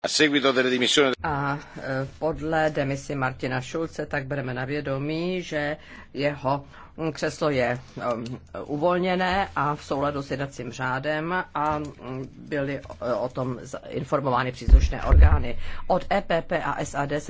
A eh, podle demisi Martina Šulce tak bereme na vědomí, že jeho křeslo je uvolněné a v souladu s jednacím řádem a mm, byly eh, o tom informovány příslušné orgány. Od EPP a SAD se